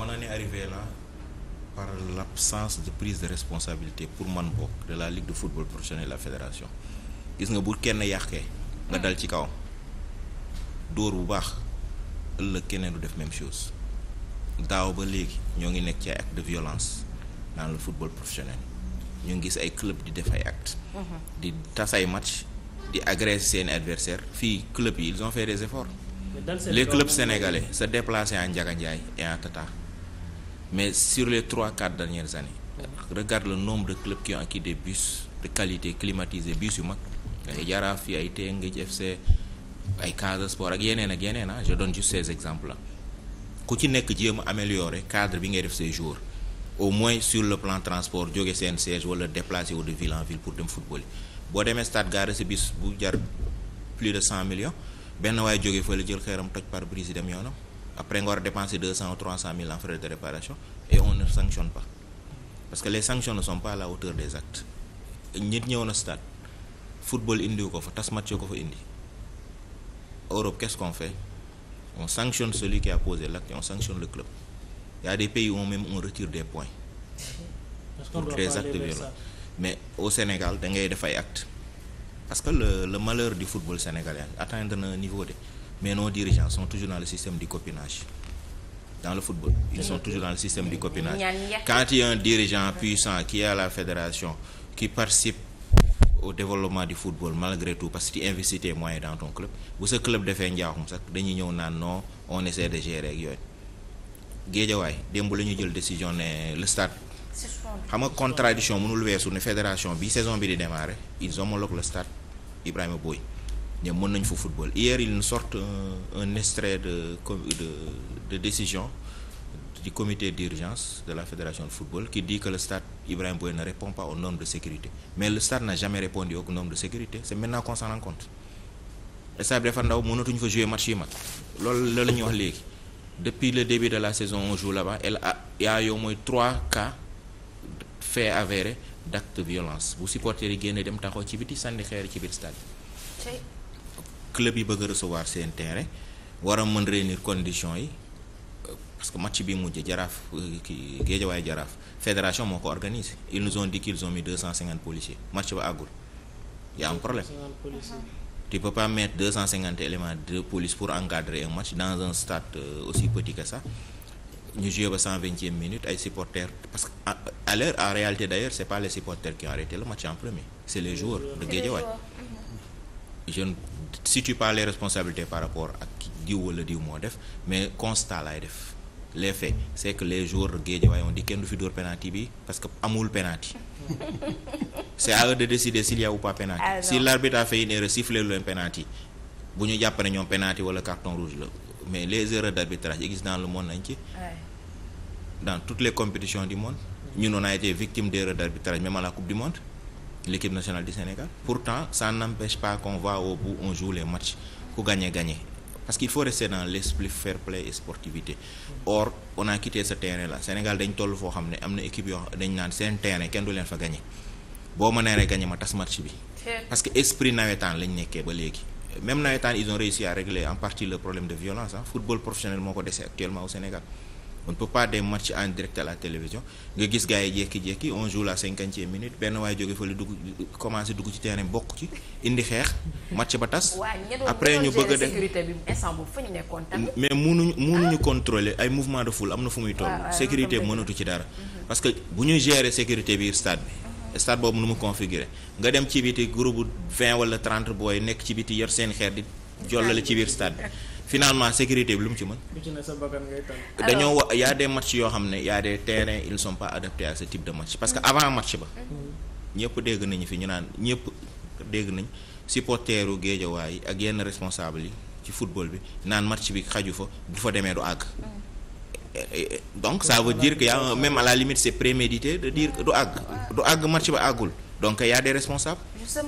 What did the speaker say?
on en est arrivé là par l'absence de prise de responsabilité pour man bokk de la ligue de football professionnel la fédération gis nga bu kenn yàqee nga dal ci kawam dóor bu baax ëllëg keneen du def même chose daaw ba léegi ñoo ngi nekk ci acte de violence dans le football professionnel ñu ngi gis ay club di def ay acte mhm. di tas match di agresser seeni adversaire fii club yi ils ont fait des efforts les clubs sénégalais se déplacer à Ndiaga Ndiaye et mais sur les trois quatre dernières années regarde le nombre de clubs qui ont acquis des bus de qualité climatisés bus yu mag ay Jaraaf yi ay Teungueth FC ay Casa Sport ak yeneen ak yeneen ah je donne juste exemple exemples ku ci nekk jéem a améliorer cadre bi ngay def ces jours au moins sur le plan transport jóge seen siège wala déplacé wu de ville en ville pour dem football yi boo demee stade gare sa bis bu jar plus de cent millions benn waaye jóge fa la jël xeeram toj pare brise dem yoonam. après nga war a dépenser deux cent ou trois cent mille en de réparation et on ne sanctionne pas parce que les sanctions ne sont pas à la hauteur des actes nit ñëw na stade football indiwu ko fa tas match ko fa indi Europe qu'est-ce qu'on fait on sanctionne celui qui a posé l'acte et on sanctionne le club il y a des pays on même on retire des points pour des actes violents mais au Sénégal da ngay def ay parce que le le malheur du football sénégalais atteindre na niveau mais nos dirigeants sont toujours dans le système du copinage dans la football ils sont toujours dans le système du copinage quand il y puissant qui est fédération qui participe au développement du football malgré tout parce que tu investis tes moyens dans ton club bu sa club defee njaaxum sax dañuy ñëw naan non on essaie de gérer ak yooyu géejawaay démb la ñu jël décision ne le stade xam nga contradiction mënul weesu ne fédération bi saison bi di démarrer ils le stade Ibrahima Boye ñoom mën nañ fa football hier il nous un, extrait de de de décision du comité d'urgence de la fédération de football qui dit que le stade Ibrahima Boye ne répond pas aux de sécurité mais le stade n'a jamais répondu aux normes de sécurité c'est maintenant qu'on s'en rend compte stade bi dafa ndaw mënatuñu fa jouer match yi mag lool la la ñuy wax léegi depuis le début de la saison on joue là-bas elle a y a yow mooy trois cas faits avérés d'actes de violence dem taxaw ci biti sànni xeer ci biir stade club yi bëgg a seen terrain war a mën réunir conditions yi parce que match bi mujj jaraaf kii géejawaay jaraaf fédération moo ko organisé ils nous ont dit qu'ils ont mis deux cent cinquante policiers match ba àggul y a problème tu peux pas deux cent cinquante éléments de police pour encadrer un match dans un stade euh, aussi petit que ñu joué ba cent vingtième minute ay supporters parce que à l'heure en réalité d'ailleurs c'est pas les supporters qui ont arrêté le match en premier c'est les joueurs situe pas les responsabilités par rapport ak diw wala diw moo def mais constat laay def les faits c'est que les joueurs Guédiawaye on dit kenn du fi dóor penalty bi parce que amul penalty c'est à eux de décider s'il y ah, si l'arbitre a fait une erreur siffler bu ñu jàpp ne ñoom penalty wala carton rouge la mais les erreurs d'arbitrage existent dans le nañ ci dans toutes les compétitions du monde ñu on a été victime d'erreurs d'arbitrage même l'équipe nationale du Sénégal pourtant ça n'empêche pas qu'on va au bout on joue les matchs ku gagner gagner parce qu'il faut rester l'esprit fair play et sportivité or on a quitté ce terrain Sénégal dañ toll foo xam ne am na équipe yoo dañ naan seen terrain kenn du leen fa gagner boo ma neeree gagner ma tas match bi parce que esprit nawetaan lañ nekkee ba léegi même nawetaan ils ont réussi à régler en partie le problème de violence football professionnel moo ko dese actuellement au on ne peut pas des matchs en direct à la télévision nga gis gars yi jékki-jékki on joue la cinquantième minute benn waaye jóge fa la dugg commencé dugg ci terrain bokk ci indi xeex match ba tas. après ñu bëgg a def mais munuñu ñu contrôler ay mouvement de foule am na fu muy toll. Ah, ah, sécurité mënatu ci dara. Mhm. parce que bu ñu gérer sécurité biir stade bi. stade boobu nu mu configuré nga dem ci biti groupe vingt wala trente booy nekk ci biti yor seen xeer di jollale ci biir stade bi. finalement sécurité bi lu mu ci mën. dañoo wa y' a des matchs yoo xam ne y' a terrain terrains ils ne sont pas adaptés à ce type de match parce que avant match ba. Mm-hmm. ñëpp dégg nañu fi ñu naan ñëpp dégg nañ supporteru géejawaay yi ak yenn responsable yi ci football bi naan match bi xaju fa du fa demee du àgg. Mm. Eh, eh, donc ça veut dire que y' a même à la limite c' prémédité de dire que du àgg. du àgg match ba àggul donc y' a des